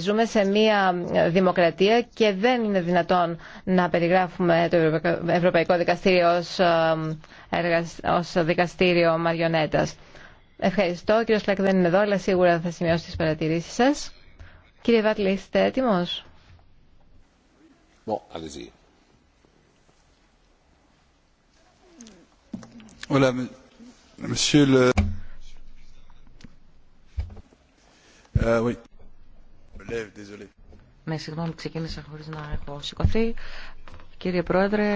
Ζούμε σε μια δημοκρατία και δεν είναι δυνατόν να περιγράφουμε το Ευρωπαϊκό Δικαστήριο ε, ως, δικαστήριο μαριονέτας. Ευχαριστώ. Ο κύριος Φλακ δεν είναι εδώ, αλλά σίγουρα θα σημειώσει τις παρατηρήσεις σας. Κύριε Βάτλη, είστε έτοιμος. Με ναι, συγγνώμη, ξεκίνησα χωρίς να έχω σηκωθεί. Κύριε Πρόεδρε,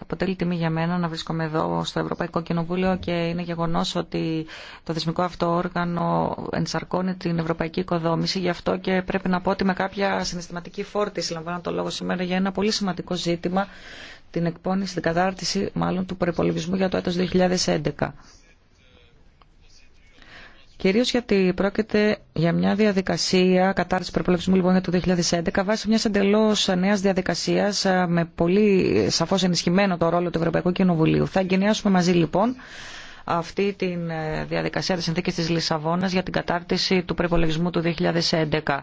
αποτελεί τιμή για μένα να βρίσκομαι εδώ στο Ευρωπαϊκό Κοινοβούλιο και είναι γεγονό ότι το δεσμικό αυτό όργανο ενσαρκώνει την ευρωπαϊκή οικοδόμηση. Γι' αυτό και πρέπει να πω ότι με κάποια συναισθηματική φόρτιση λαμβάνω το λόγο σήμερα για ένα πολύ σημαντικό ζήτημα, την εκπόνηση, την κατάρτιση μάλλον του προπολογισμού για το έτος 2011. Κυρίως γιατί πρόκειται για μια διαδικασία κατάρτιση προπολογισμού λοιπόν για το 2011 βάσει μιας εντελώς νέας διαδικασίας με πολύ σαφώς ενισχυμένο το ρόλο του Ευρωπαϊκού Κοινοβουλίου. Θα εγκαινιάσουμε μαζί λοιπόν αυτή τη ε, διαδικασία της συνθήκης της Λισαβόνας για την κατάρτιση του προπολογισμού του 2011.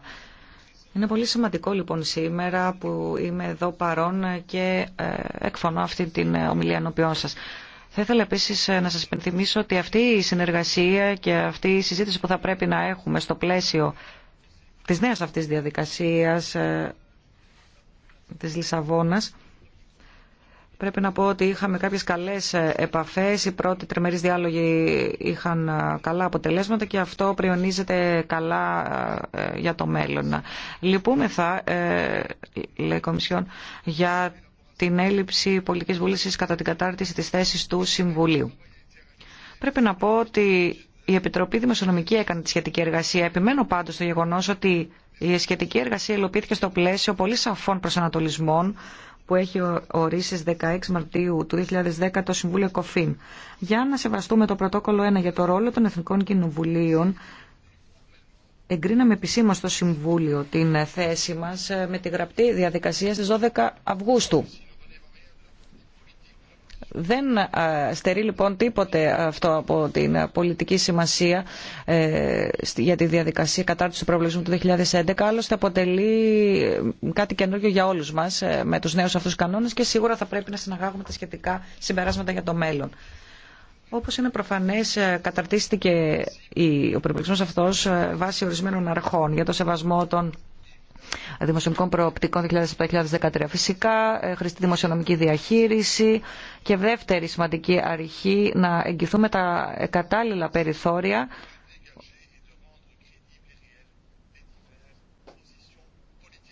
Είναι πολύ σημαντικό λοιπόν σήμερα που είμαι εδώ παρόν και ε, εκφωνώ αυτή την ομιλία ενώπιόν σας. Θα ήθελα επίση ε, να σα υπενθυμίσω ότι αυτή η συνεργασία και αυτή η συζήτηση που θα πρέπει να έχουμε στο πλαίσιο τη νέα αυτή διαδικασία ε, τη Λισαβόνα. Πρέπει να πω ότι είχαμε κάποιες καλές ε, επαφές, οι πρώτοι τριμερείς διάλογοι είχαν καλά αποτελέσματα και αυτό πριονίζεται καλά για το μέλλον. Λυπούμεθα, λέει η Κομισιόν, για την έλλειψη πολιτικής βούλησης κατά την κατάρτιση της θέσης του Συμβουλίου. Πρέπει να πω ότι η Επιτροπή Δημοσιονομική έκανε τη σχετική εργασία. Επιμένω πάντως στο γεγονός ότι η σχετική εργασία υλοποιήθηκε στο πλαίσιο πολύ σαφών προσανατολισμών που έχει ορίσει στις 16 Μαρτίου του 2010 το Συμβούλιο Κοφίν. Για να σεβαστούμε το πρωτόκολλο 1 για το ρόλο των Εθνικών Κοινοβουλίων, εγκρίναμε επισήμως στο Συμβούλιο την θέση μας ε, με τη γραπτή διαδικασία στις 12 Αυγούστου. Δεν ε, στερεί λοιπόν τίποτε αυτό από την πολιτική σημασία ε, για τη διαδικασία κατάρτιση του προβλησμού του 2011. Άλλωστε αποτελεί ε, κάτι καινούργιο για όλους μας με τους νέους αυτούς κανόνες και σίγουρα θα πρέπει να συναγάγουμε τα σχετικά συμπεράσματα για το μέλλον. Όπως είναι προφανές, καταρτίστηκε ο προβλησμός αυτός βάσει ορισμένων αρχών για το σεβασμό των δημοσιονομικών προοπτικών 2007-2013. Φυσικά, ε, χρηστή δημοσιονομική διαχείριση και δεύτερη σημαντική αρχή να εγγυθούμε τα κατάλληλα περιθώρια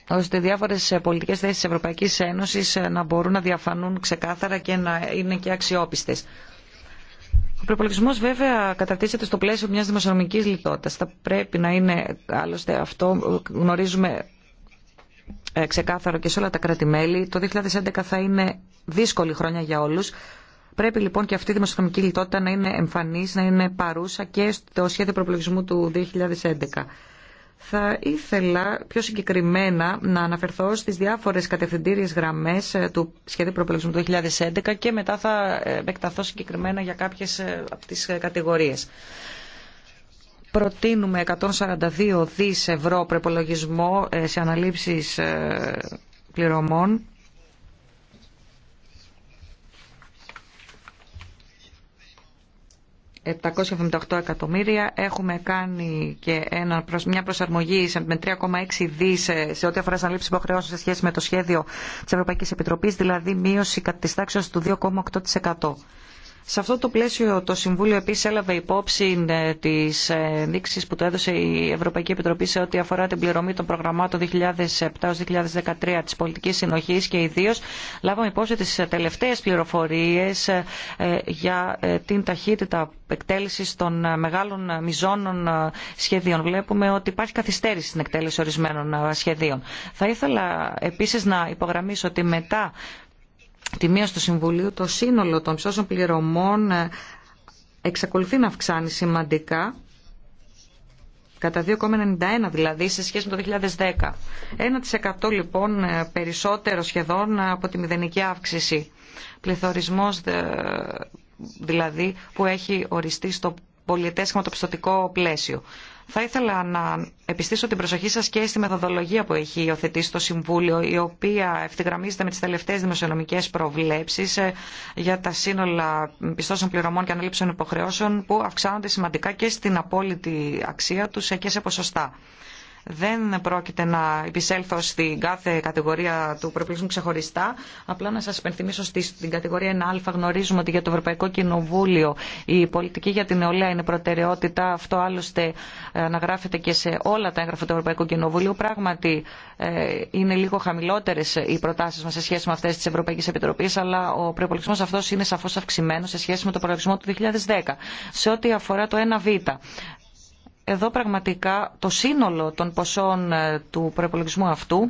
ώστε διάφορε πολιτικέ θέσει τη Ευρωπαϊκή Ένωση ε, να μπορούν να διαφανούν ξεκάθαρα και να είναι και αξιόπιστε. Ο προπολογισμό βέβαια καταρτίζεται στο πλαίσιο μια δημοσιονομική λιτότητα. Θα πρέπει να είναι άλλωστε αυτό, γνωρίζουμε ε, ξεκάθαρο και σε όλα τα κράτη-μέλη. Το 2011 θα είναι δύσκολη χρόνια για όλους. Πρέπει λοιπόν και αυτή η δημοσιονομική λιτότητα να είναι εμφανής, να είναι παρούσα και στο σχέδιο προπολογισμού του 2011. Θα ήθελα πιο συγκεκριμένα να αναφερθώ στις διάφορες κατευθυντήριες γραμμές ε, του σχεδίου προπολογισμού του 2011 και μετά θα ε, επεκταθώ συγκεκριμένα για κάποιες από τις κατηγορίες προτείνουμε 142 δις ευρώ προπολογισμό ε, σε αναλήψεις ε, πληρωμών. ...778 εκατομμύρια. Έχουμε κάνει και ένα, μια προσαρμογή με 3,6 δις ε, σε ό,τι αφορά σαν λήψη υποχρεώσεων σε σχέση με το σχέδιο της Ευρωπαϊκής Επιτροπής, δηλαδή μείωση κατά της τάξης του 2,8%. Σε αυτό το πλαίσιο το Συμβούλιο επίσης έλαβε υπόψη ε, τις δείξεις που το έδωσε η Ευρωπαϊκή Επιτροπή σε ό,τι αφορά την πληρωμή των προγραμμάτων 2007-2013 της πολιτικής συνοχής και ιδίως λάβαμε υπόψη τις τελευταίες πληροφορίες ε, για ε, την ταχύτητα εκτέλεσης των μεγάλων μιζώνων σχεδίων. Βλέπουμε ότι υπάρχει καθυστέρηση στην εκτέλεση ορισμένων σχεδίων. Θα ήθελα επίσης να υπογραμμίσω ότι μετά τη μία του Συμβουλίου, το σύνολο των ψώσεων πληρωμών ε, εξακολουθεί να αυξάνει σημαντικά, κατά 2,91 δηλαδή, σε σχέση με το 2010. 1% λοιπόν ε, περισσότερο σχεδόν από τη μηδενική αύξηση. Πληθωρισμός δηλαδή που έχει οριστεί στο το χρηματοπιστωτικό πλαίσιο. Θα ήθελα να επιστήσω την προσοχή σας και στη μεθοδολογία που έχει υιοθετήσει το Συμβούλιο, η οποία ευθυγραμμίζεται με τις τελευταίες δημοσιονομικές προβλέψεις ε, για τα σύνολα πιστώσεων πληρωμών και αναλήψεων υποχρεώσεων που αυξάνονται σημαντικά και στην απόλυτη αξία τους ε, και σε ποσοστά. Δεν πρόκειται να επισέλθω στην κάθε κατηγορία του προπλήσμου ξεχωριστά. Απλά να σα υπενθυμίσω στην κατηγορία 1α γνωρίζουμε ότι για το Ευρωπαϊκό Κοινοβούλιο η πολιτική για την νεολαία είναι προτεραιότητα. Αυτό άλλωστε ε, αναγράφεται και σε όλα τα έγγραφα του Ευρωπαϊκού Κοινοβουλίου. Πράγματι ε, είναι λίγο χαμηλότερε οι προτάσει μα σε σχέση με αυτέ τη Ευρωπαϊκή Επιτροπή, αλλά ο προπολογισμό αυτό είναι σαφώ αυξημένο σε σχέση με το προπολογισμό του 2010. Σε ό,τι αφορά το 1β, εδώ πραγματικά το σύνολο των ποσών ε, του προπολογισμού αυτού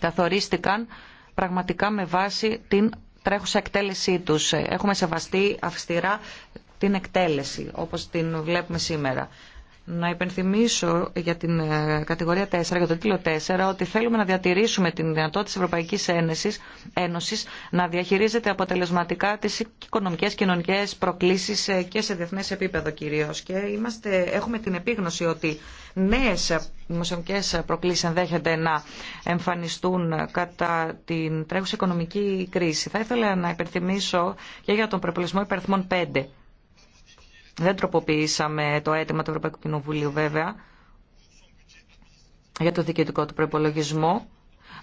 καθορίστηκαν πραγματικά με βάση την τρέχουσα εκτέλεσή τους. Ε, έχουμε σεβαστεί αυστηρά την εκτέλεση όπως την βλέπουμε σήμερα να υπενθυμίσω για την ε, κατηγορία 4, για το τίτλο 4, ότι θέλουμε να διατηρήσουμε την δυνατότητα τη Ευρωπαϊκή Ένωση να διαχειρίζεται αποτελεσματικά τις οικονομικές, κοινωνικέ προκλήσεις ε, και σε διεθνέ επίπεδο κυρίω. Και είμαστε, έχουμε την επίγνωση ότι νέε δημοσιονομικέ προκλήσει ενδέχεται να εμφανιστούν κατά την τρέχουσα οικονομική κρίση. Θα ήθελα να υπενθυμίσω και για τον προπολισμό υπερθμών 5 δεν τροποποιήσαμε το αίτημα του Ευρωπαϊκού Κοινοβουλίου βέβαια για το δικαιωτικό του προπολογισμό.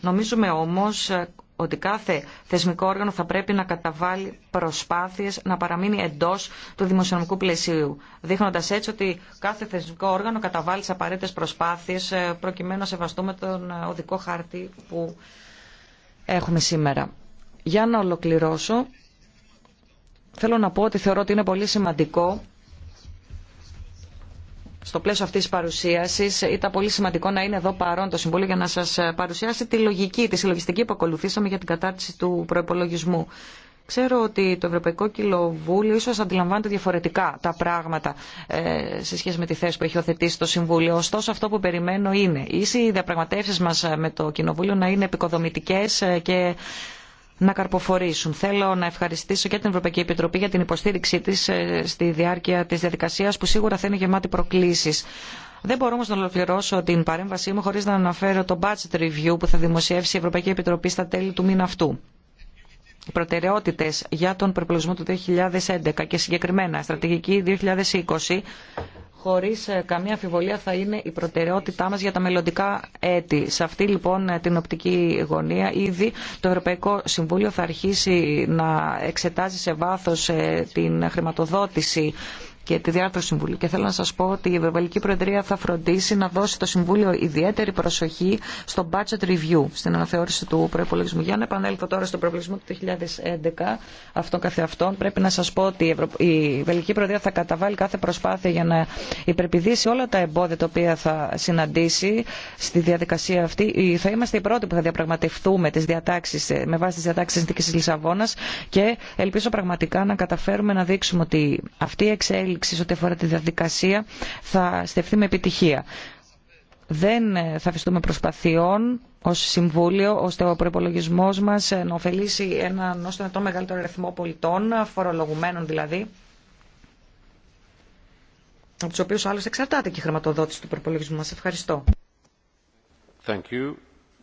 Νομίζουμε όμως ε, ότι κάθε θεσμικό όργανο θα πρέπει να καταβάλει προσπάθειες να παραμείνει εντός του δημοσιονομικού πλαισίου, δείχνοντας έτσι ότι κάθε θεσμικό όργανο καταβάλει τις απαραίτητες προσπάθειες ε, προκειμένου να σεβαστούμε τον ε, οδικό χάρτη που έχουμε σήμερα. Για να ολοκληρώσω, θέλω να πω ότι θεωρώ ότι είναι πολύ σημαντικό στο πλαίσιο αυτή τη παρουσίαση ήταν πολύ σημαντικό να είναι εδώ παρόν το Συμβούλιο για να σα παρουσιάσει τη λογική, τη συλλογιστική που ακολουθήσαμε για την κατάρτιση του προπολογισμού. Ξέρω ότι το Ευρωπαϊκό Κοινοβούλιο ίσω αντιλαμβάνεται διαφορετικά τα πράγματα ε, σε σχέση με τη θέση που έχει οθετήσει το Συμβούλιο. Ωστόσο, αυτό που περιμένω είναι οι διαπραγματεύσει μα με το Κοινοβούλιο να είναι επικοδομητικέ ε, και να καρποφορήσουν. Θέλω να ευχαριστήσω και την Ευρωπαϊκή Επιτροπή για την υποστήριξή της ε, στη διάρκεια της διαδικασίας που σίγουρα θα είναι γεμάτη προκλήσεις. Δεν μπορώ όμως να ολοκληρώσω την παρέμβασή μου χωρίς να αναφέρω το budget review που θα δημοσιεύσει η Ευρωπαϊκή Επιτροπή στα τέλη του μήνα αυτού. Οι προτεραιότητες για τον προπολογισμό του 2011 και συγκεκριμένα στρατηγική 2020 χωρίς ε, καμία αφιβολία θα είναι η προτεραιότητά μας για τα μελλοντικά έτη. Σε αυτή λοιπόν ε, την οπτική γωνία ήδη το Ευρωπαϊκό Συμβούλιο θα αρχίσει να εξετάζει σε βάθος ε, την χρηματοδότηση και τη διάρθρωση του Και θέλω να σα πω ότι η Ευρωπαϊκή Προεδρία θα φροντίσει να δώσει το Συμβούλιο ιδιαίτερη προσοχή στο budget review, στην αναθεώρηση του προπολογισμού. Για να επανέλθω τώρα στον προπολογισμό του 2011, αυτόν καθεαυτόν, πρέπει να σα πω ότι η, Ευρωπαϊκή Προεδρία θα καταβάλει κάθε προσπάθεια για να υπερπηδήσει όλα τα εμπόδια τα οποία θα συναντήσει στη διαδικασία αυτή. Θα είμαστε οι πρώτοι που θα διαπραγματευτούμε τις διατάξεις, με βάση τι διατάξει τη της Λισαβόνα και ελπίζω πραγματικά να καταφέρουμε να δείξουμε ότι αυτή η εξέλιξη σε ό,τι αφορά τη διαδικασία θα στεφθεί με επιτυχία. Δεν ε, θα αφιστούμε προσπαθειών ω Συμβούλιο ώστε ο προπολογισμό μα ε, να ωφελήσει έναν ω τον το μεγαλύτερο αριθμό πολιτών, φορολογουμένων δηλαδή, από του οποίου άλλωστε εξαρτάται και η χρηματοδότηση του προπολογισμού μα. Ευχαριστώ. Thank you.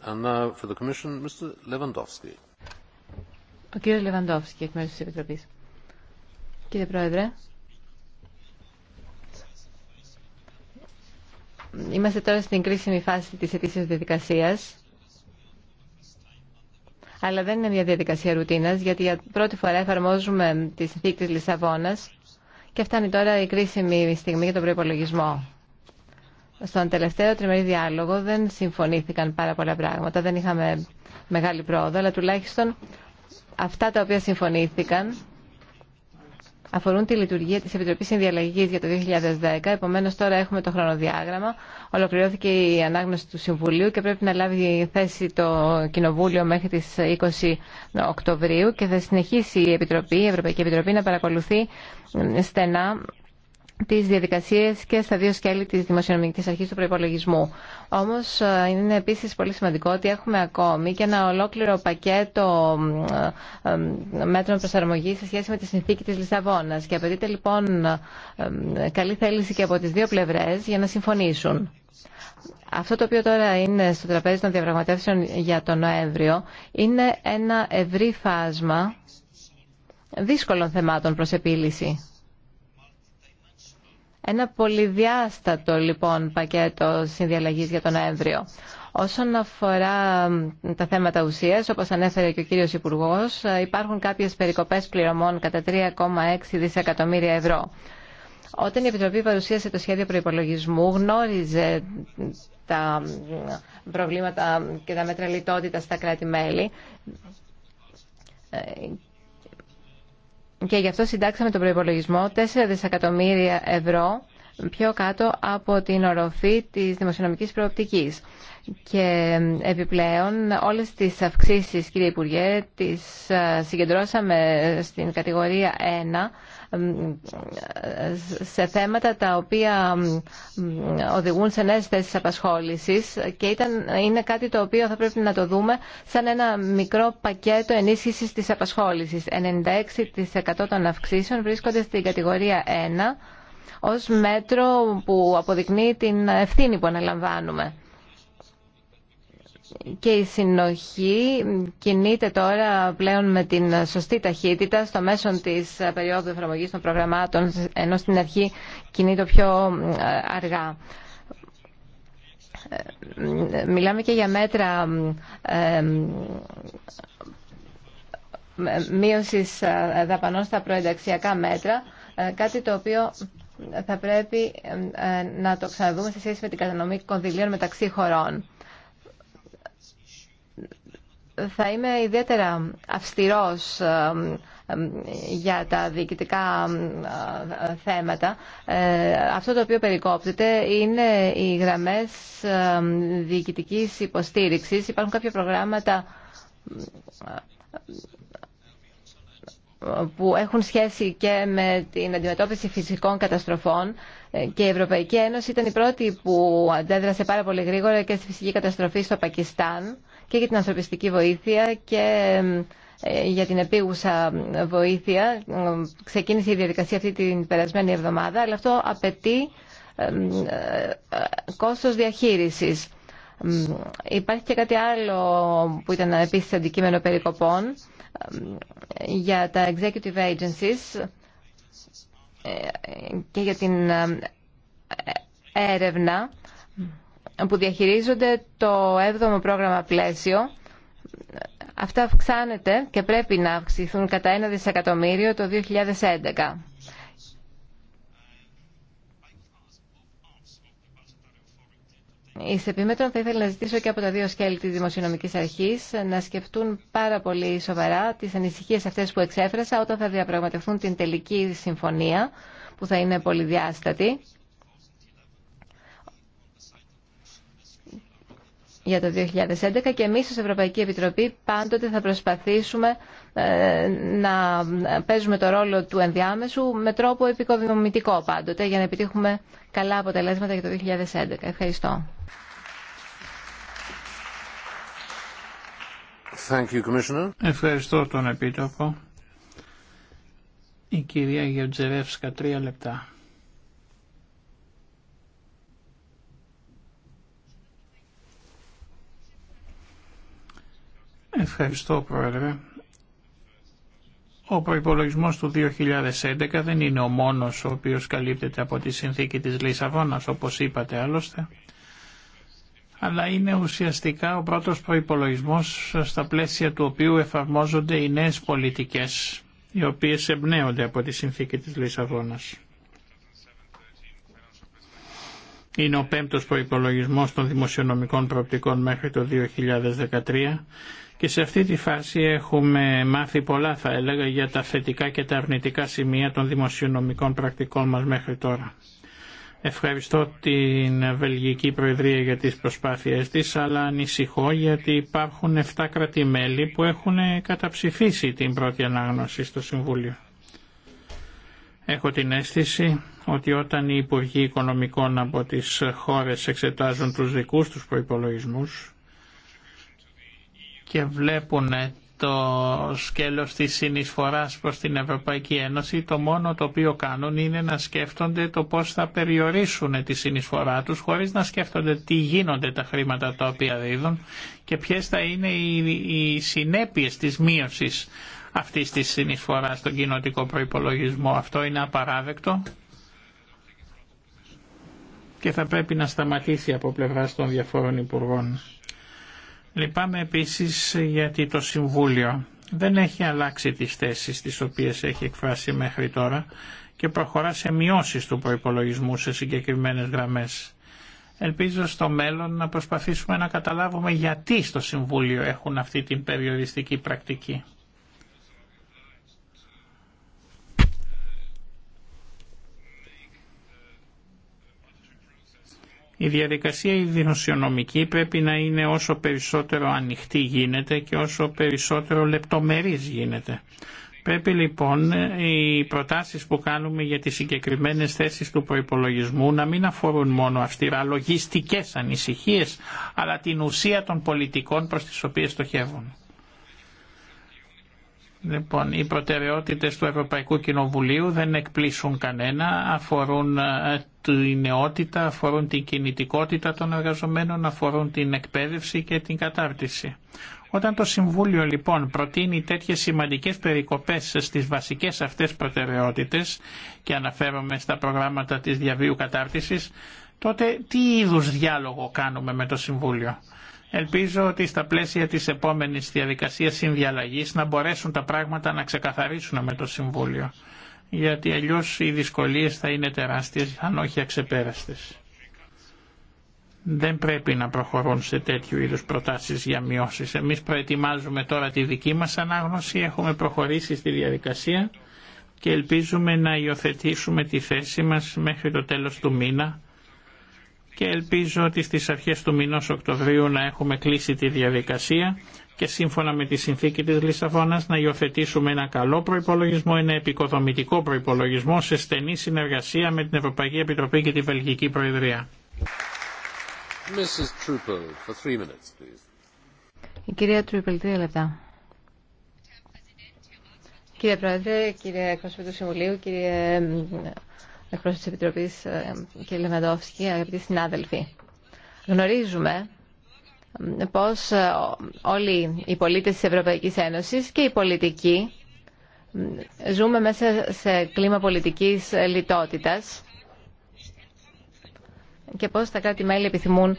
And now for the commission, Mr. Lewandowski. Ο κύριος Λεβαντόφσκι, εκ μέρους της Κύριε Πρόεδρε, Είμαστε τώρα στην κρίσιμη φάση της αιτήσεως διαδικασίας αλλά δεν είναι μια διαδικασία ρουτίνας, γιατί για πρώτη φορά εφαρμόζουμε τη συνθήκη της Λισαβόνας και φτάνει τώρα η κρίσιμη στιγμή για τον προπολογισμό. Στον τελευταίο τριμερή διάλογο δεν συμφωνήθηκαν πάρα πολλά πράγματα, δεν είχαμε μεγάλη πρόοδο, αλλά τουλάχιστον αυτά τα οποία συμφωνήθηκαν αφορούν τη λειτουργία της Επιτροπής Συνδιαλλαγής για το 2010. Επομένως τώρα έχουμε το χρονοδιάγραμμα. Ολοκληρώθηκε η ανάγνωση του Συμβουλίου και πρέπει να λάβει θέση το Κοινοβούλιο μέχρι τις 20 Οκτωβρίου και θα συνεχίσει η, Επιτροπή, η Ευρωπαϊκή Επιτροπή να παρακολουθεί στενά τι διαδικασίε και στα δύο σκέλη τη Δημοσιονομική Αρχή του Προπολογισμού. Όμω, ε, είναι επίση πολύ σημαντικό ότι έχουμε ακόμη και ένα ολόκληρο πακέτο ε, ε, μέτρων προσαρμογή σε σχέση με τη συνθήκη τη Λισαβόνα. Και απαιτείται λοιπόν καλή θέληση και από τι δύο πλευρέ για να συμφωνήσουν. Αυτό το οποίο τώρα είναι στο τραπέζι των διαπραγματεύσεων για τον Νοέμβριο είναι ένα ευρύ φάσμα δύσκολων θεμάτων προς επίλυση. Ένα πολυδιάστατο λοιπόν πακέτο συνδιαλλαγής για τον Νοέμβριο. Όσον αφορά τα θέματα ουσίας, όπως ανέφερε και ο κύριος Υπουργός, ε, υπάρχουν κάποιες περικοπές πληρωμών κατά 3,6 δισεκατομμύρια ευρώ. Όταν η Επιτροπή παρουσίασε το σχέδιο προϋπολογισμού, γνώριζε τα προβλήματα και τα μέτρα λιτότητα στα κράτη-μέλη ε, και γι' αυτό συντάξαμε τον προϋπολογισμό 4 δισεκατομμύρια ευρώ πιο κάτω από την οροφή της δημοσιονομικής προοπτικής. Και επιπλέον όλες τις αυξήσεις, κύριε Υπουργέ, τις ε, συγκεντρώσαμε στην κατηγορία 1 σε θέματα τα οποία οδηγούν σε νέες θέσεις απασχόλησης και ήταν, είναι κάτι το οποίο θα πρέπει να το δούμε σαν ένα μικρό πακέτο ενίσχυσης της απασχόλησης. 96% των αυξήσεων βρίσκονται στην κατηγορία 1 ως μέτρο που αποδεικνύει την ευθύνη που αναλαμβάνουμε και η συνοχή κινείται τώρα πλέον με την σωστή ταχύτητα στο μέσο της περίοδου εφαρμογής των προγραμμάτων, ενώ στην αρχή κινείται πιο ε, αργά. Ε, μιλάμε και για μέτρα ε, μείωσης δαπανών στα προενταξιακά μέτρα, κάτι το οποίο θα πρέπει να το ξαναδούμε σε σχέση με την κατανομή κονδυλίων μεταξύ χωρών θα είμαι ιδιαίτερα αυστηρός ε, ε, για τα διοικητικά ε, θέματα. Αυτό το οποίο περικόπτεται είναι οι γραμμές διοικητικής υποστήριξης. Υπάρχουν κάποια προγράμματα που έχουν σχέση και με την αντιμετώπιση φυσικών καταστροφών και η Ευρωπαϊκή Ένωση ήταν η πρώτη που αντέδρασε πάρα πολύ γρήγορα και στη φυσική καταστροφή στο Πακιστάν και για την ανθρωπιστική βοήθεια και ε, για την επίγουσα βοήθεια. Ξεκίνησε η διαδικασία αυτή την περασμένη εβδομάδα, αλλά αυτό απαιτεί ε, ε, κόστος διαχείρισης. Υπάρχει και κάτι άλλο που ήταν επίσης αντικείμενο περικοπών για τα executive agencies και για την ε, έρευνα που διαχειρίζονται το 7ο πρόγραμμα πλαίσιο. Αυτά αυξάνεται και πρέπει να αυξηθούν κατά ένα δισεκατομμύριο το 2011. Η Επίμετρον θα ήθελα να ζητήσω και από τα δύο σκέλη της Δημοσιονομικής Αρχής να σκεφτούν πάρα πολύ σοβαρά τις ανησυχίες αυτές που εξέφρασα όταν θα διαπραγματευτούν την τελική συμφωνία που θα είναι πολυδιάστατη για το 2011 και εμείς ως Ευρωπαϊκή Επιτροπή πάντοτε θα προσπαθήσουμε ε, να παίζουμε το ρόλο του ενδιάμεσου με τρόπο επικοδομητικό πάντοτε για να επιτύχουμε καλά αποτελέσματα για το 2011. Ευχαριστώ. Thank you, Commissioner. Ευχαριστώ τον Επίτροπο. Η κυρία Γεωτζερεύσκα, τρία λεπτά. Ευχαριστώ, Πρόεδρε. Ο προπολογισμό του 2011 δεν είναι ο μόνος ο οποίος καλύπτεται από τη συνθήκη της Λισαβόνα, όπως είπατε άλλωστε, αλλά είναι ουσιαστικά ο πρώτος προπολογισμό στα πλαίσια του οποίου εφαρμόζονται οι νέε πολιτικές, οι οποίες εμπνέονται από τη συνθήκη της Λισαβόνα. Είναι ο πέμπτος προϋπολογισμός των δημοσιονομικών προοπτικών μέχρι το 2013 και σε αυτή τη φάση έχουμε μάθει πολλά θα έλεγα για τα θετικά και τα αρνητικά σημεία των δημοσιονομικών πρακτικών μας μέχρι τώρα. Ευχαριστώ την Βελγική Προεδρία για τις προσπάθειες της, αλλά ανησυχώ γιατί υπάρχουν 7 κρατημέλη που έχουν καταψηφίσει την πρώτη ανάγνωση στο Συμβούλιο. Έχω την αίσθηση ότι όταν οι Υπουργοί Οικονομικών από τις χώρες εξετάζουν τους δικούς τους προϋπολογισμούς και βλέπουν το σκέλος της συνεισφοράς προς την Ευρωπαϊκή Ένωση, το μόνο το οποίο κάνουν είναι να σκέφτονται το πώς θα περιορίσουν τη συνεισφορά τους, χωρίς να σκέφτονται τι γίνονται τα χρήματα τα οποία δίδουν και ποιες θα είναι οι συνέπειες της μείωσης αυτή της συνεισφορά στον κοινοτικό προϋπολογισμό. Αυτό είναι απαράδεκτο και θα πρέπει να σταματήσει από πλευρά των διαφόρων υπουργών. Λυπάμαι επίσης γιατί το Συμβούλιο δεν έχει αλλάξει τις θέσεις τις οποίες έχει εκφράσει μέχρι τώρα και προχωρά σε μειώσεις του προϋπολογισμού σε συγκεκριμένες γραμμές. Ελπίζω στο μέλλον να προσπαθήσουμε να καταλάβουμε γιατί στο Συμβούλιο έχουν αυτή την περιοριστική πρακτική. Η διαδικασία η δημοσιονομική πρέπει να είναι όσο περισσότερο ανοιχτή γίνεται και όσο περισσότερο λεπτομερής γίνεται. Πρέπει λοιπόν οι προτάσεις που κάνουμε για τις συγκεκριμένες θέσεις του προϋπολογισμού να μην αφορούν μόνο αυστηρά λογιστικές ανησυχίες, αλλά την ουσία των πολιτικών προς τις οποίες στοχεύουν. Λοιπόν, οι προτεραιότητες του Ευρωπαϊκού Κοινοβουλίου δεν εκπλήσουν κανένα, αφορούν ε, την νεότητα, αφορούν την κινητικότητα των εργαζομένων, αφορούν την εκπαίδευση και την κατάρτιση. Όταν το Συμβούλιο λοιπόν προτείνει τέτοιες σημαντικές περικοπές στις βασικές αυτές προτεραιότητες και αναφέρομαι στα προγράμματα της διαβίου κατάρτισης, τότε τι είδους διάλογο κάνουμε με το Συμβούλιο. Ελπίζω ότι στα πλαίσια της επόμενης διαδικασίας συνδιαλλαγής να μπορέσουν τα πράγματα να ξεκαθαρίσουν με το Συμβούλιο, γιατί αλλιώς οι δυσκολίες θα είναι τεράστιες, αν όχι αξεπέραστες. Δεν πρέπει να προχωρούν σε τέτοιου είδους προτάσεις για μειώσεις. Εμείς προετοιμάζουμε τώρα τη δική μας ανάγνωση, έχουμε προχωρήσει στη διαδικασία και ελπίζουμε να υιοθετήσουμε τη θέση μας μέχρι το τέλος του μήνα και ελπίζω ότι στις αρχές του μηνός Οκτωβρίου να έχουμε κλείσει τη διαδικασία και σύμφωνα με τη συνθήκη της Λισαβόνας να υιοθετήσουμε ένα καλό προϋπολογισμό, ένα επικοδομητικό προϋπολογισμό σε στενή συνεργασία με την Ευρωπαϊκή Επιτροπή και τη Βελγική Προεδρία. κυρία Τρούπελ, τρία λεπτά. Κύριε Πρόεδρε, κύριε του Συμβουλίου, κύριε εκπρόσωπος της Επιτροπής, ε, κ. Λεβαντόφσκι, αγαπητοί συνάδελφοι. Γνωρίζουμε ε, πως ε, όλοι οι πολίτες της Ευρωπαϊκής Ένωσης και οι πολιτικοί ζούμε μέσα σε κλίμα πολιτικής λιτότητας και πώς τα κράτη-μέλη επιθυμούν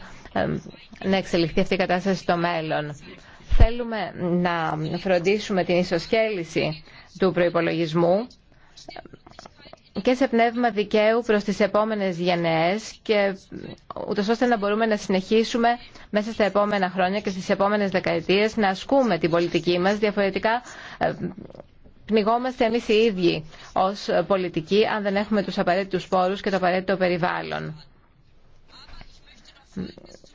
να εξελιχθεί αυτή η κατάσταση στο μέλλον. Θέλουμε να φροντίσουμε την ισοσκέληση του προϋπολογισμού και σε πνεύμα δικαίου προς τις επόμενες γενναίες και ούτως ώστε να μπορούμε να συνεχίσουμε μέσα στα επόμενα χρόνια και στις επόμενες δεκαετίες να ασκούμε την πολιτική μας διαφορετικά ε, πνιγόμαστε εμείς οι ίδιοι ως πολιτικοί αν δεν έχουμε τους απαραίτητους πόρους και το απαραίτητο περιβάλλον.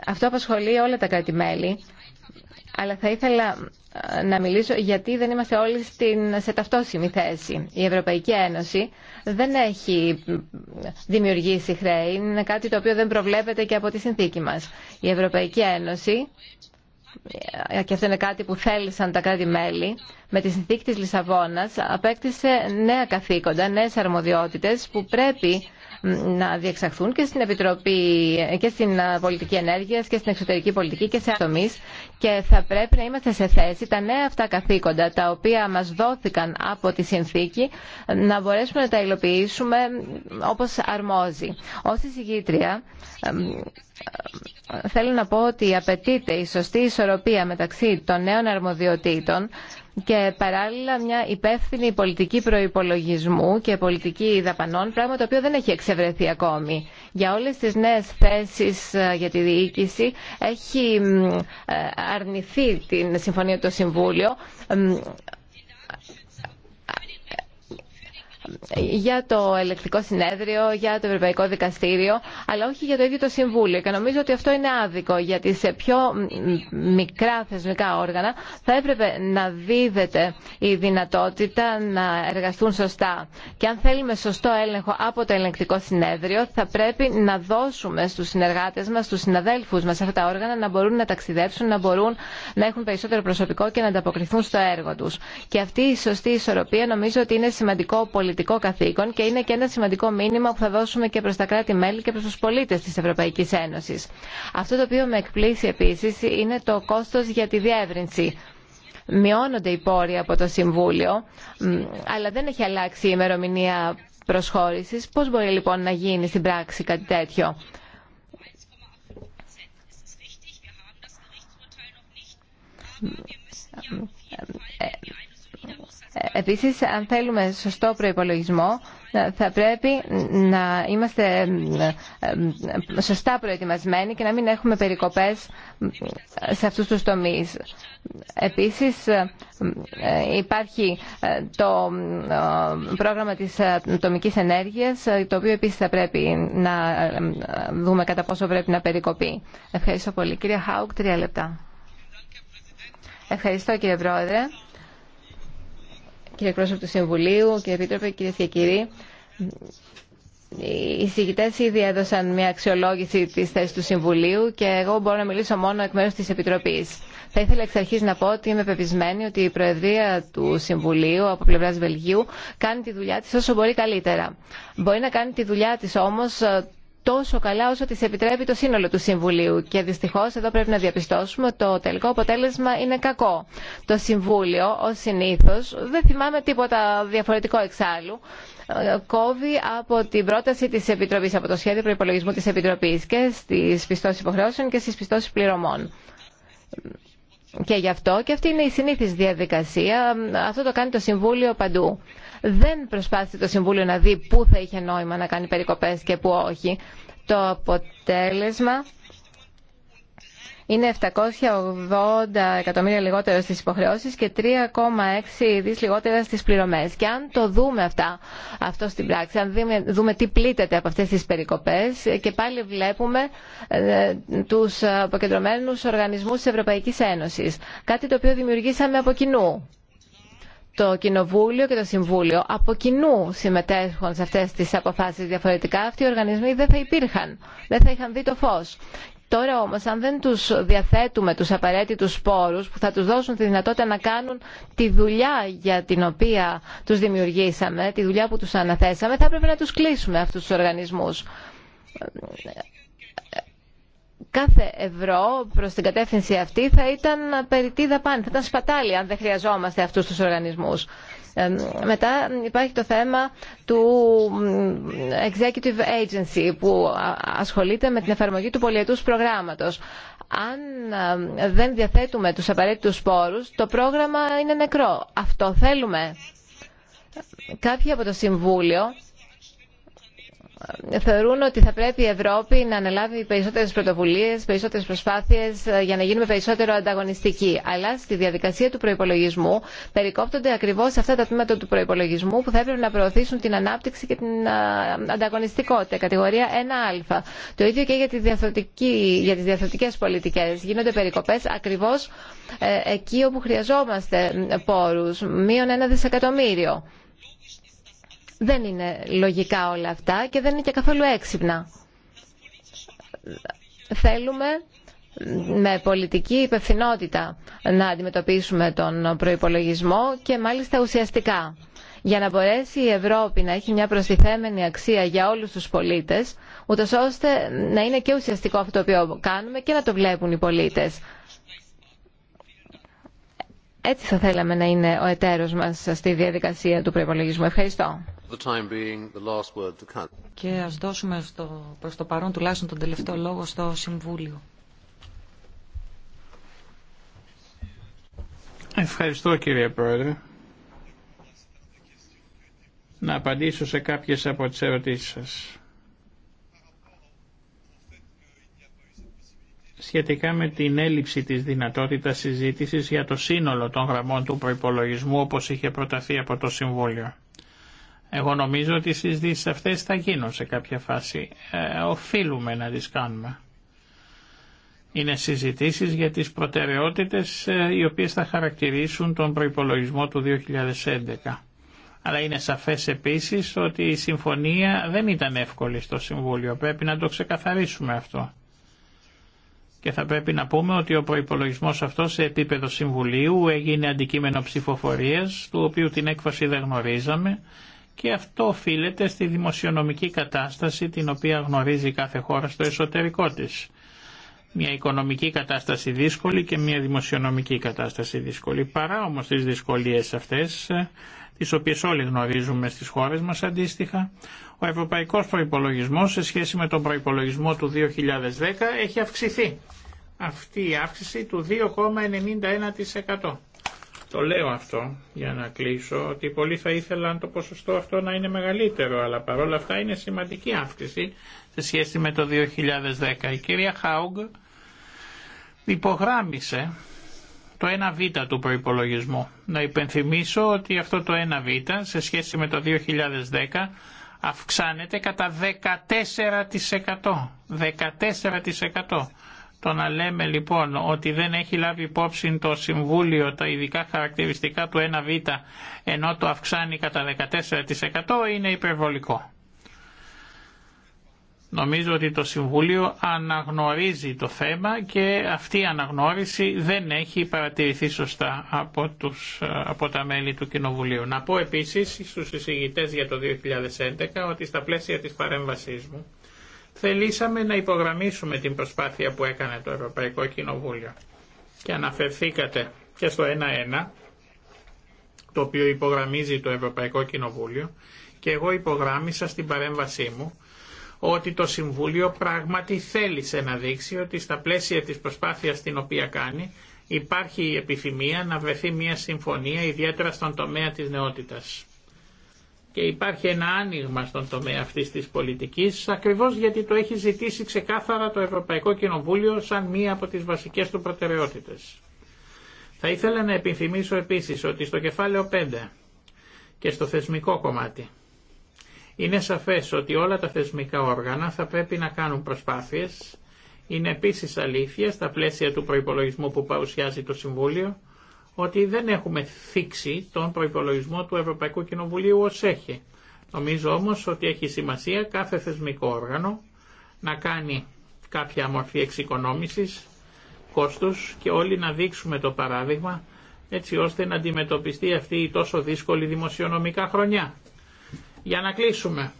Αυτό απασχολεί όλα τα κράτη-μέλη αλλά θα ήθελα ε, να μιλήσω γιατί δεν είμαστε όλοι στην, σε ταυτόσιμη θέση. Η Ευρωπαϊκή Ένωση δεν έχει δημιουργήσει χρέη, είναι κάτι το οποίο δεν προβλέπεται και από τη συνθήκη μας. Η Ευρωπαϊκή Ένωση, ε, και αυτό είναι κάτι που θέλησαν τα κράτη-μέλη, με τη συνθήκη της Λισαβόνας απέκτησε νέα καθήκοντα, νέες αρμοδιότητες που πρέπει να διεξαχθούν και στην Επιτροπή και στην ε, πολιτική ενέργεια και στην εξωτερική πολιτική και σε τομεί και θα πρέπει να είμαστε σε θέση τα νέα αυτά καθήκοντα τα οποία μας δόθηκαν από τη συνθήκη να μπορέσουμε να τα υλοποιήσουμε όπως αρμόζει. Ω εισηγήτρια ε, θέλω να πω ότι απαιτείται η σωστή ισορροπία μεταξύ των νέων αρμοδιοτήτων και παράλληλα μια υπεύθυνη πολιτική προϋπολογισμού και πολιτική δαπανών, πράγμα το οποίο δεν έχει εξευρεθεί ακόμη. Για όλες τις νέες θέσεις ε, για τη διοίκηση έχει ε, αρνηθεί την συμφωνία του Συμβούλιο για το ελεκτικό συνέδριο, για το Ευρωπαϊκό Δικαστήριο, αλλά όχι για το ίδιο το Συμβούλιο. Και νομίζω ότι αυτό είναι άδικο, γιατί σε πιο μικρά θεσμικά όργανα θα έπρεπε να δίδεται η δυνατότητα να εργαστούν σωστά. Και αν θέλουμε σωστό έλεγχο από το Ελεκτικό συνέδριο, θα πρέπει να δώσουμε στους συνεργάτες μας, στους συναδέλφους μας αυτά τα όργανα να μπορούν να ταξιδέψουν, να μπορούν να έχουν περισσότερο προσωπικό και να ανταποκριθούν στο έργο του. Και αυτή η σωστή ισορροπία νομίζω ότι είναι σημαντικό πολιτικό πολιτικό καθήκον και είναι και ένα σημαντικό μήνυμα που θα δώσουμε και προ τα κράτη-μέλη και προ του πολίτε τη Ευρωπαϊκή Ένωση. Αυτό το οποίο με εκπλήσει επίση είναι το κόστο για τη διεύρυνση μειώνονται οι πόροι από το Συμβούλιο, αλλά δεν έχει αλλάξει η ημερομηνία προσχώρησης. Πώς μπορεί λοιπόν να γίνει στην πράξη κάτι τέτοιο. Επίσης, αν θέλουμε σωστό προϋπολογισμό, θα πρέπει να είμαστε ε, σωστά προετοιμασμένοι και να μην έχουμε περικοπές σε αυτούς τους τομείς. Επίσης, ε, ε, υπάρχει το πρόγραμμα της ατομικής ενέργειας, το οποίο επίσης θα πρέπει να δούμε κατά πόσο πρέπει να περικοπεί. Ευχαριστώ πολύ. Κυρία Χάουκ, τρία λεπτά. Ευχαριστώ κύριε Πρόεδρε κύριε πρόσωπο του Συμβουλίου, κύριε Επίτροπε, κυρίε και κύριοι. Οι συγκητέ ήδη έδωσαν μια αξιολόγηση τη θέση του Συμβουλίου και εγώ μπορώ να μιλήσω μόνο εκ μέρου τη Επιτροπή. Θα ήθελα εξ αρχή να πω ότι είμαι πεπισμένη ότι η Προεδρία του Συμβουλίου από πλευρά Βελγίου κάνει τη δουλειά τη όσο μπορεί καλύτερα. Μπορεί να κάνει τη δουλειά τη όμω τόσο καλά όσο τις επιτρέπει το σύνολο του Συμβουλίου. Και δυστυχώ εδώ πρέπει να διαπιστώσουμε ότι το τελικό αποτέλεσμα είναι κακό. Το Συμβούλιο, ως συνήθως, δεν θυμάμαι τίποτα διαφορετικό εξάλλου, ε, κόβει από την πρόταση της Επιτροπής, από το σχέδιο προϋπολογισμού της Επιτροπής και στις πιστώσεις υποχρεώσεων και στις πιστώσεις πληρωμών. Και γι' αυτό και αυτή είναι η συνήθις διαδικασία. Αυτό το κάνει το Συμβούλιο παντού. Δεν προσπάθησε το Συμβούλιο να δει πού θα είχε νόημα να κάνει περικοπές και πού όχι. Το αποτέλεσμα είναι 780 εκατομμύρια λιγότερο στις υποχρεώσεις και 3,6 δις λιγότερα στις πληρωμές. Και αν το δούμε αυτά, αυτό στην πράξη, αν δούμε, δούμε τι πλήττεται από αυτές τις περικοπές και πάλι βλέπουμε ε, τους αποκεντρωμένους οργανισμούς της Ευρωπαϊκής Ένωσης. Κάτι το οποίο δημιουργήσαμε από κοινού το Κοινοβούλιο και το Συμβούλιο από κοινού συμμετέχουν σε αυτές τις αποφάσεις διαφορετικά αυτοί οι οργανισμοί δεν θα υπήρχαν, δεν θα είχαν δει το φως. Τώρα όμως αν δεν τους διαθέτουμε τους απαραίτητους πόρους που θα τους δώσουν τη δυνατότητα να κάνουν τη δουλειά για την οποία τους δημιουργήσαμε, τη δουλειά που τους αναθέσαμε, θα έπρεπε να τους κλείσουμε αυτούς τους οργανισμούς κάθε ευρώ προ την κατεύθυνση αυτή θα ήταν τί δαπάνη, θα ήταν σπατάλη αν δεν χρειαζόμαστε αυτού του οργανισμού. Μετά υπάρχει το θέμα του Executive Agency που ασχολείται με την εφαρμογή του πολιετούς προγράμματος. Αν δεν διαθέτουμε τους απαραίτητους πόρους, το πρόγραμμα είναι νεκρό. Αυτό θέλουμε. Κάποιοι από το Συμβούλιο θεωρούν ότι θα πρέπει η Ευρώπη να αναλάβει περισσότερες πρωτοβουλίες, περισσότερες προσπάθειες ε, για να γίνουμε περισσότερο ανταγωνιστικοί. Αλλά στη διαδικασία του προϋπολογισμού περικόπτονται ακριβώς αυτά τα τμήματα του προϋπολογισμού που θα έπρεπε να προωθήσουν την ανάπτυξη και την ε, ανταγωνιστικότητα, κατηγορία 1α. Το ίδιο και για, τι για τις πολιτικές. Γίνονται περικοπές ακριβώς ε, εκεί όπου χρειαζόμαστε πόρους, μείον ένα δισεκατομμύριο. Δεν είναι λογικά όλα αυτά και δεν είναι και καθόλου έξυπνα. Θέλουμε με πολιτική υπευθυνότητα να αντιμετωπίσουμε τον προϋπολογισμό και μάλιστα ουσιαστικά. Για να μπορέσει η Ευρώπη να έχει μια προστιθέμενη αξία για όλους τους πολίτες, ούτως ώστε να είναι και ουσιαστικό αυτό το οποίο κάνουμε και να το βλέπουν οι πολίτες. Έτσι θα θέλαμε να είναι ο εταίρος μας στη διαδικασία του προϋπολογισμού. Ευχαριστώ. Και ας δώσουμε στο, προς το παρόν τουλάχιστον τον τελευταίο λόγο στο Συμβούλιο. Ευχαριστώ κύριε Πρόεδρε. Να απαντήσω σε κάποιες από τις ερωτήσεις σας. σχετικά με την έλλειψη της δυνατότητας συζήτησης για το σύνολο των γραμμών του προϋπολογισμού όπως είχε προταθεί από το Συμβούλιο. Εγώ νομίζω ότι οι συζητήσεις αυτές θα γίνουν σε κάποια φάση. Ε, οφείλουμε να τις κάνουμε. Είναι συζητήσεις για τις προτεραιότητες ε, οι οποίες θα χαρακτηρίσουν τον προϋπολογισμό του 2011. Αλλά είναι σαφές επίσης ότι η συμφωνία δεν ήταν εύκολη στο Συμβούλιο. Πρέπει να το ξεκαθαρίσουμε αυτό και θα πρέπει να πούμε ότι ο προϋπολογισμός αυτός σε επίπεδο Συμβουλίου έγινε αντικείμενο ψηφοφορίας, του οποίου την έκφαση δεν γνωρίζαμε και αυτό οφείλεται στη δημοσιονομική κατάσταση την οποία γνωρίζει κάθε χώρα στο εσωτερικό της. Μια οικονομική κατάσταση δύσκολη και μια δημοσιονομική κατάσταση δύσκολη. Παρά όμω τις δυσκολίες αυτές, τις οποίες όλοι γνωρίζουμε στις χώρες μας αντίστοιχα, ο ευρωπαϊκός προϋπολογισμός σε σχέση με τον προϋπολογισμό του 2010 έχει αυξηθεί. Αυτή η αύξηση του 2,91%. Το λέω αυτό για να κλείσω ότι πολλοί θα ήθελαν το ποσοστό αυτό να είναι μεγαλύτερο, αλλά παρόλα αυτά είναι σημαντική αύξηση σε σχέση με το 2010. Η κυρία Χάουγκ υπογράμμισε το 1β του προϋπολογισμού. Να υπενθυμίσω ότι αυτό το 1β σε σχέση με το 2010 αυξάνεται κατά 14%. 14%. Το να λέμε λοιπόν ότι δεν έχει λάβει υπόψη το Συμβούλιο τα ειδικά χαρακτηριστικά του 1β ενώ το αυξάνει κατά 14% είναι υπερβολικό. Νομίζω ότι το Συμβούλιο αναγνωρίζει το θέμα και αυτή η αναγνώριση δεν έχει παρατηρηθεί σωστά από, τους, από τα μέλη του Κοινοβουλίου. Να πω επίσης στους εισηγητές για το 2011 ότι στα πλαίσια της παρέμβασής μου θελήσαμε να υπογραμμίσουμε την προσπάθεια που έκανε το Ευρωπαϊκό Κοινοβούλιο και αναφερθήκατε και στο 1-1 το οποίο υπογραμμίζει το Ευρωπαϊκό Κοινοβούλιο και εγώ υπογράμμισα στην παρέμβασή μου ότι το Συμβούλιο πράγματι θέλησε να δείξει ότι στα πλαίσια της προσπάθειας την οποία κάνει υπάρχει η επιθυμία να βρεθεί μια συμφωνία ιδιαίτερα στον τομέα της νεότητας. Και υπάρχει ένα άνοιγμα στον τομέα αυτής της πολιτικής ακριβώς γιατί το έχει ζητήσει ξεκάθαρα το Ευρωπαϊκό Κοινοβούλιο σαν μία από τις βασικές του προτεραιότητες. Θα ήθελα να επιθυμίσω επίσης ότι στο κεφάλαιο 5 και στο θεσμικό κομμάτι είναι σαφές ότι όλα τα θεσμικά όργανα θα πρέπει να κάνουν προσπάθειες. Είναι επίσης αλήθεια, στα πλαίσια του προϋπολογισμού που παρουσιάζει το Συμβούλιο, ότι δεν έχουμε θίξει τον προϋπολογισμό του Ευρωπαϊκού Κοινοβουλίου ως έχει. Νομίζω όμως ότι έχει σημασία κάθε θεσμικό όργανο να κάνει κάποια μορφή εξοικονόμησης, κόστους και όλοι να δείξουμε το παράδειγμα έτσι ώστε να αντιμετωπιστεί αυτή η τόσο δύσκολη δημοσιονομικά χρονιά για να κλείσουμε.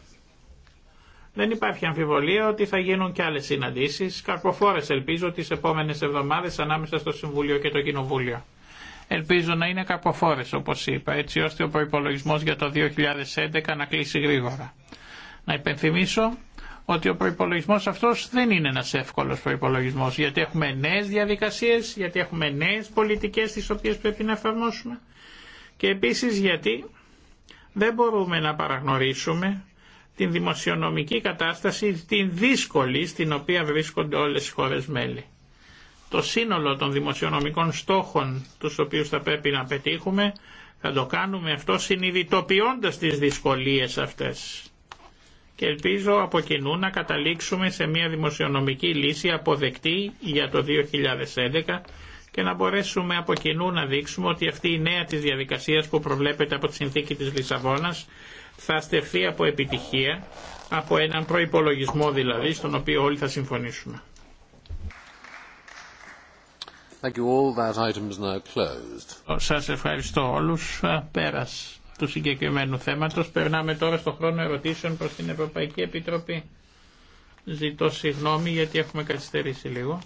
Δεν υπάρχει αμφιβολία ότι θα γίνουν και άλλες συναντήσεις, καρποφόρες ελπίζω τις επόμενες εβδομάδες ανάμεσα στο Συμβούλιο και το Κοινοβούλιο. Ελπίζω να είναι καρποφόρες όπως είπα, έτσι ώστε ο προπολογισμό για το 2011 να κλείσει γρήγορα. Να υπενθυμίσω ότι ο προπολογισμό αυτός δεν είναι ένας εύκολος προπολογισμό. γιατί έχουμε νέες διαδικασίες, γιατί έχουμε νέες πολιτικές τις οποίες πρέπει να εφαρμόσουμε και επίσης γιατί δεν μπορούμε να παραγνωρίσουμε την δημοσιονομική κατάσταση, την δύσκολη στην οποία βρίσκονται όλες οι χώρες μέλη. Το σύνολο των δημοσιονομικών στόχων τους οποίους θα πρέπει να πετύχουμε θα το κάνουμε αυτό συνειδητοποιώντας τις δυσκολίες αυτές. Και ελπίζω από κοινού να καταλήξουμε σε μια δημοσιονομική λύση αποδεκτή για το 2011 και να μπορέσουμε από κοινού να δείξουμε ότι αυτή η νέα της διαδικασίας που προβλέπεται από τη συνθήκη της Λισαβόνας θα στεφθεί από επιτυχία, από έναν προϋπολογισμό δηλαδή, στον οποίο όλοι θα συμφωνήσουμε. Thank all. That now closed. Σας ευχαριστώ όλους. Πέρας του συγκεκριμένου θέματος. Περνάμε τώρα στο χρόνο ερωτήσεων προς την Ευρωπαϊκή Επιτροπή. Ζητώ συγγνώμη γιατί έχουμε καθυστερήσει λίγο.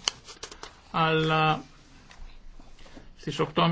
Αλλά στις 8.30